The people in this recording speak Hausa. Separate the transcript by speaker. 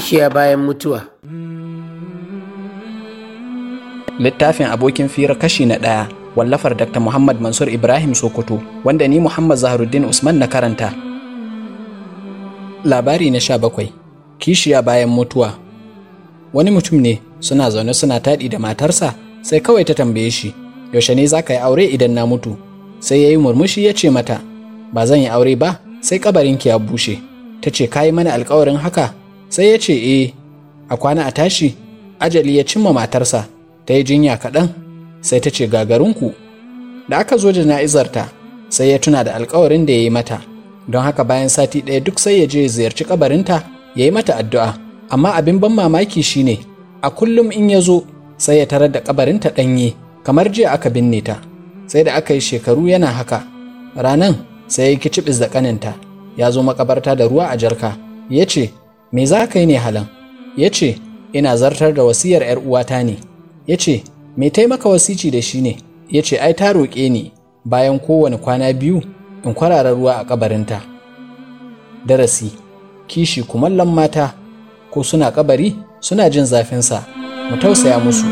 Speaker 1: kishiya bayan mutuwa littafin abokin fira kashi na ɗaya wallafar dr muhammad mansur ibrahim sokoto wanda ni muhammad zaharuddin usman na karanta labari na sha bakwai kishiya bayan mutuwa wani mutum ne suna zaune suna taɗi da matarsa sai kawai ta tambaye shi yaushe ne za ka yi aure idan na mutu sai ya yi murmushi ya ce mata ba zan yi aure ba sai ƙabarinki ya bushe ta ce ka yi mana alkawarin haka sai ya ce e a kwana a tashi ajali ya cimma matarsa ta yi jinya kaɗan sai ta ce gagarinku da aka zo jana'izarta sai ya tuna da alkawarin da ya yi mata don haka bayan sati ɗaya duk sai ya je ziyarci kabarinta ya yi mata addu'a amma abin ban mamaki shine a kullum in ya zo sai ya tarar da kabarinta ɗanye kamar jiya aka binne ta sai da aka yi shekaru yana haka ranan sai ya kicibis da kaninta ya zo makabarta da ruwa a jarka ya ce me za ka yi ne halan ya ce ina zartar da wasiyar 'yar uwata ne ya ce me taimaka wasici da shi ne ya ce ai ta roƙe ni bayan kowane kwana biyu in kwarara ruwa a ƙabarinta. darasi kishi kumallon mata ko suna ƙabari suna jin zafinsa mu tausaya musu